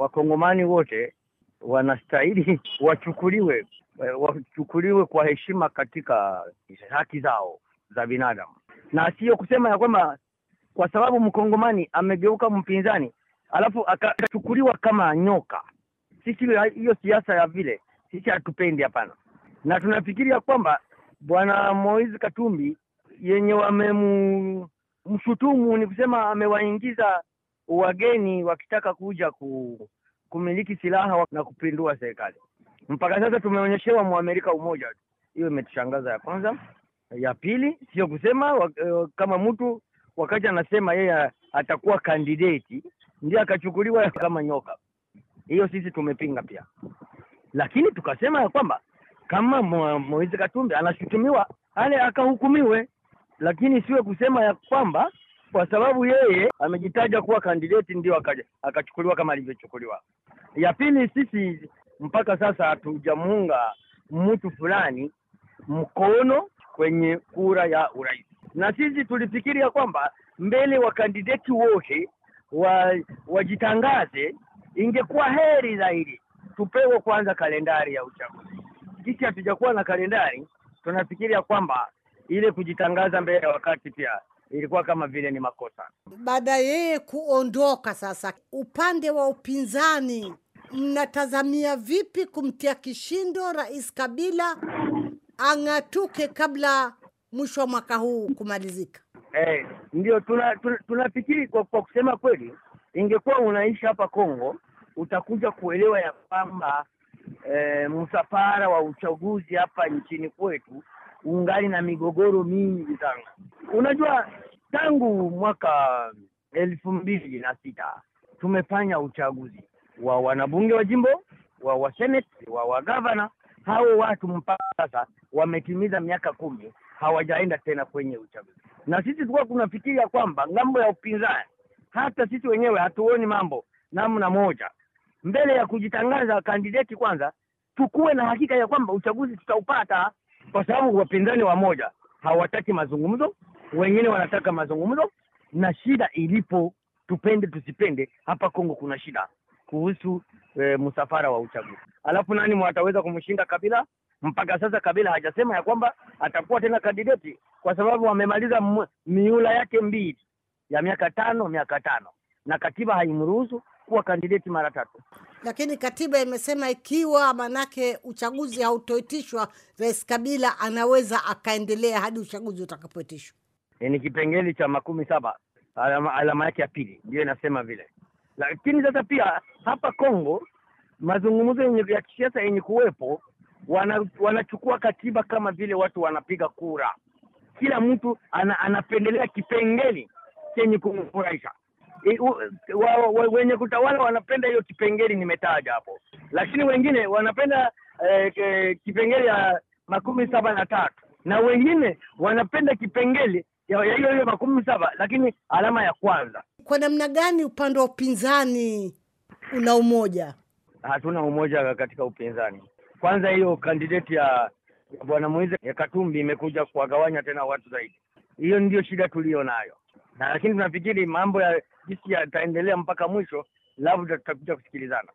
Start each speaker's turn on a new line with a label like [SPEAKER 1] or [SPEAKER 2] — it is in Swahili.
[SPEAKER 1] Wakongomani wote wanastahili wachukuliwe, eh, wachukuliwe kwa heshima katika haki zao za binadamu, na sio kusema ya kwamba kwa sababu mkongomani amegeuka mpinzani alafu akachukuliwa kama nyoka. Sisi hiyo siasa ya vile sisi hatupendi, hapana. Na tunafikiria kwamba bwana Moizi Katumbi yenye wamemshutumu ni kusema amewaingiza wageni wakitaka kuja ku, kumiliki silaha na kupindua serikali. Mpaka sasa tumeonyeshewa Mwamerika umoja tu, hiyo imetushangaza ya kwanza. Ya pili sio kusema e, kama mtu wakati anasema yeye atakuwa kandideti ndiye akachukuliwa kama nyoka, hiyo sisi tumepinga pia, lakini tukasema ya kwamba kama Moise Katumbi anashutumiwa ale akahukumiwe, lakini siwe kusema ya kwamba kwa sababu yeye amejitaja kuwa kandidati, ndio akachukuliwa kama alivyochukuliwa. Ya pili, sisi mpaka sasa hatujamuunga mtu fulani mkono kwenye kura ya urais, na sisi tulifikiria kwamba mbele wa kandidati wote wa wajitangaze, ingekuwa heri zaidi tupewe kwanza kalendari ya uchaguzi. Sisi hatujakuwa na kalendari, tunafikiria kwamba ile kujitangaza mbele ya wakati pia ilikuwa kama vile ni makosa.
[SPEAKER 2] Baada yeye kuondoka, sasa upande wa upinzani mnatazamia vipi kumtia kishindo Rais Kabila ang'atuke kabla mwisho wa mwaka huu kumalizika?
[SPEAKER 1] Eh, ndio tunafikiri tuna, tuna kwa, kwa kusema kweli, ingekuwa unaishi hapa Kongo utakuja kuelewa ya kwamba eh, msafara wa uchaguzi hapa nchini kwetu ungali na migogoro mingi sana Unajua, tangu mwaka elfu mbili na sita tumefanya uchaguzi wa wanabunge wa jimbo wa wa wa wagavana. Hao watu mpaka sasa wametimiza miaka kumi hawajaenda tena kwenye uchaguzi, na sisi tulikuwa kunafikiria kwamba ngambo ya upinzani, hata sisi wenyewe hatuoni mambo namna moja. Mbele ya kujitangaza kandideti kwanza tukuwe na hakika ya kwamba uchaguzi tutaupata, kwa sababu wapinzani wa moja hawataki mazungumzo, wengine wanataka mazungumzo, na shida ilipo, tupende tusipende, hapa Kongo kuna shida kuhusu e, msafara wa uchaguzi. Alafu nani mwataweza kumshinda Kabila? Mpaka sasa Kabila hajasema ya kwamba atakuwa tena kandidati, kwa sababu amemaliza miula yake mbili ya miaka tano, miaka tano, na katiba haimruhusu kuwa kandidati mara tatu.
[SPEAKER 2] Lakini katiba imesema ikiwa manake uchaguzi hautoitishwa, Rais Kabila anaweza akaendelea hadi uchaguzi utakapoitishwa
[SPEAKER 1] ni kipengele cha makumi saba alama, alama yake ya pili ndio inasema vile. Lakini sasa pia hapa Kongo mazungumzo ya kisiasa yenye kuwepo wana, wanachukua katiba kama vile watu wanapiga kura, kila mtu ana, anapendelea kipengele chenye kumfurahisha. E, wenye kutawala wanapenda hiyo kipengele nimetaja hapo, lakini wengine wanapenda eh, kipengele ya makumi saba na tatu na wengine wanapenda kipengele ya hiyo hiyo makumi saba,
[SPEAKER 2] lakini alama ya kwanza. Kwa namna gani upande wa upinzani una umoja?
[SPEAKER 1] Hatuna umoja katika upinzani. Kwanza hiyo kandideti ya, ya bwana Moise ya Katumbi imekuja kuwagawanya tena watu zaidi. Hiyo ndiyo shida tuliyo nayo, na lakini tunafikiri mambo ya jinsi yataendelea mpaka mwisho, labda tutakuja kusikilizana.